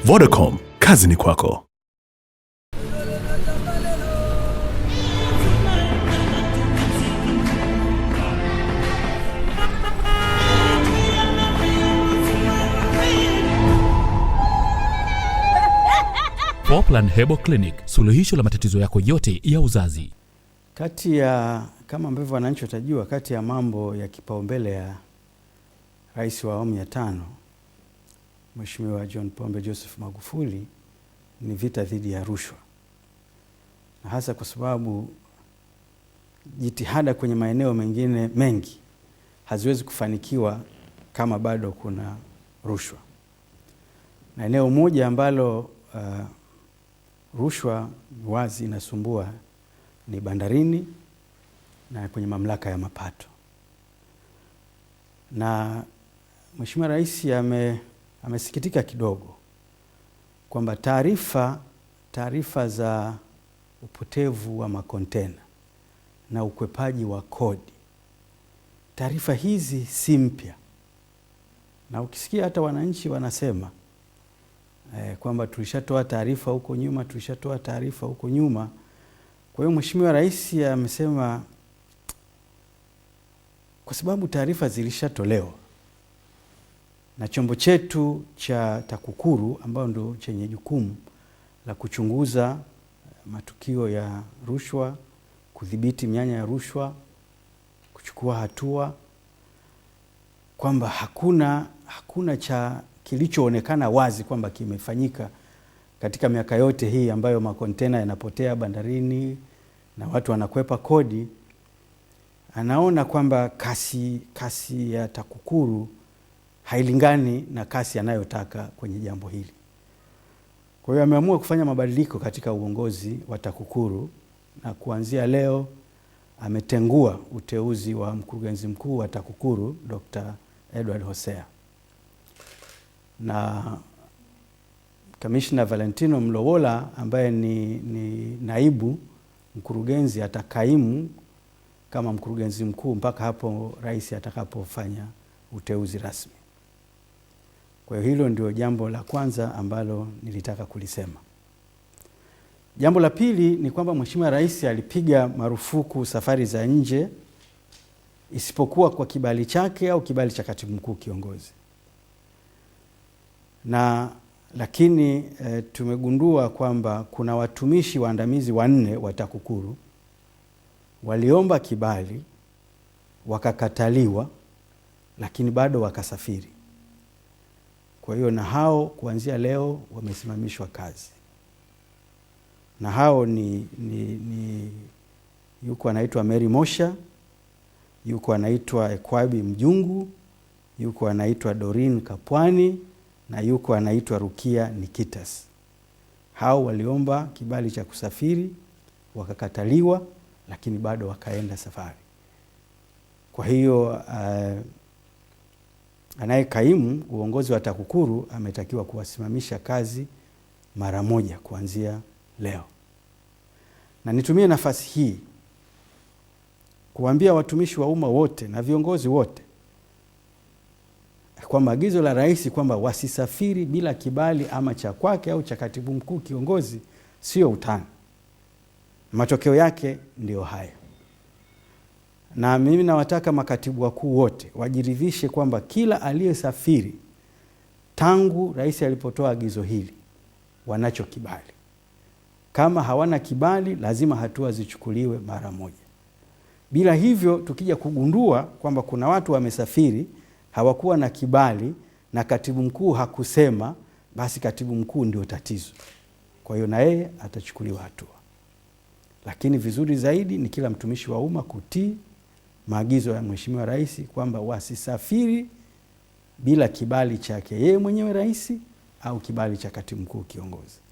Vodacom, kazi ni kwako. Poplan Herbal Clinic, suluhisho la matatizo yako yote ya uzazi. Kati ya kama ambavyo wananchi watajua, kati ya mambo ya kipaumbele ya Rais wa awamu ya tano Mheshimiwa John Pombe Joseph Magufuli ni vita dhidi ya rushwa, na hasa kwa sababu jitihada kwenye maeneo mengine mengi haziwezi kufanikiwa kama bado kuna rushwa, na eneo moja ambalo uh, rushwa wazi inasumbua ni bandarini na kwenye mamlaka ya mapato, na Mheshimiwa Rais ame amesikitika kidogo kwamba taarifa taarifa za upotevu wa makontena na ukwepaji wa kodi, taarifa hizi si mpya, na ukisikia hata wananchi wanasema eh, kwamba tulishatoa taarifa huko nyuma, tulishatoa taarifa huko nyuma. Kwa hiyo Mheshimiwa Rais amesema kwa sababu taarifa zilishatolewa na chombo chetu cha TAKUKURU ambayo ndo chenye jukumu la kuchunguza eh, matukio ya rushwa, kudhibiti mianya ya rushwa, kuchukua hatua kwamba hakuna, hakuna cha kilichoonekana wazi kwamba kimefanyika katika miaka yote hii ambayo makontena yanapotea bandarini na watu wanakwepa kodi. Anaona kwamba kasi, kasi ya TAKUKURU hailingani na kasi anayotaka kwenye jambo hili. Kwa hiyo ameamua kufanya mabadiliko katika uongozi wa TAKUKURU na kuanzia leo ametengua uteuzi wa mkurugenzi mkuu wa TAKUKURU Dr. Edward Hosea na kamishna Valentino Mlowola ambaye ni, ni naibu mkurugenzi atakaimu kama mkurugenzi mkuu mpaka hapo rais atakapofanya uteuzi rasmi. Kwa hiyo hilo ndio jambo la kwanza ambalo nilitaka kulisema. Jambo la pili ni kwamba Mheshimiwa Rais alipiga marufuku safari za nje isipokuwa kwa kibali chake au kibali cha katibu mkuu kiongozi. Na lakini e, tumegundua kwamba kuna watumishi waandamizi wanne wa TAKUKURU waliomba kibali wakakataliwa, lakini bado wakasafiri. Kwa hiyo na hao kuanzia leo wamesimamishwa kazi, na hao ni, ni, ni yuko anaitwa Mary Mosha, yuko anaitwa Ekwabi Mjungu, yuko anaitwa dorin Kapwani na yuko anaitwa Rukia Nikitas. Hao waliomba kibali cha kusafiri wakakataliwa, lakini bado wakaenda safari. Kwa hiyo uh, anayekaimu uongozi wa TAKUKURU ametakiwa kuwasimamisha kazi mara moja kuanzia leo. Na nitumie nafasi hii kuwaambia watumishi wa umma wote na viongozi wote kwamba agizo la rais kwamba wasisafiri bila kibali ama cha kwake au cha katibu mkuu kiongozi sio utani. Matokeo yake ndiyo haya na mimi nawataka makatibu wakuu wote wajiridhishe kwamba kila aliyesafiri tangu rais alipotoa agizo hili wanacho kibali. Kama hawana kibali, lazima hatua zichukuliwe mara moja. Bila hivyo, tukija kugundua kwamba kuna watu wamesafiri hawakuwa na kibali na katibu mkuu hakusema, basi katibu mkuu ndio tatizo. Kwa hiyo na yeye atachukuliwa hatua, lakini vizuri zaidi ni kila mtumishi wa umma kutii maagizo ya Mheshimiwa Rais kwamba wasisafiri bila kibali chake yeye mwenyewe rais au kibali cha katibu mkuu kiongozi.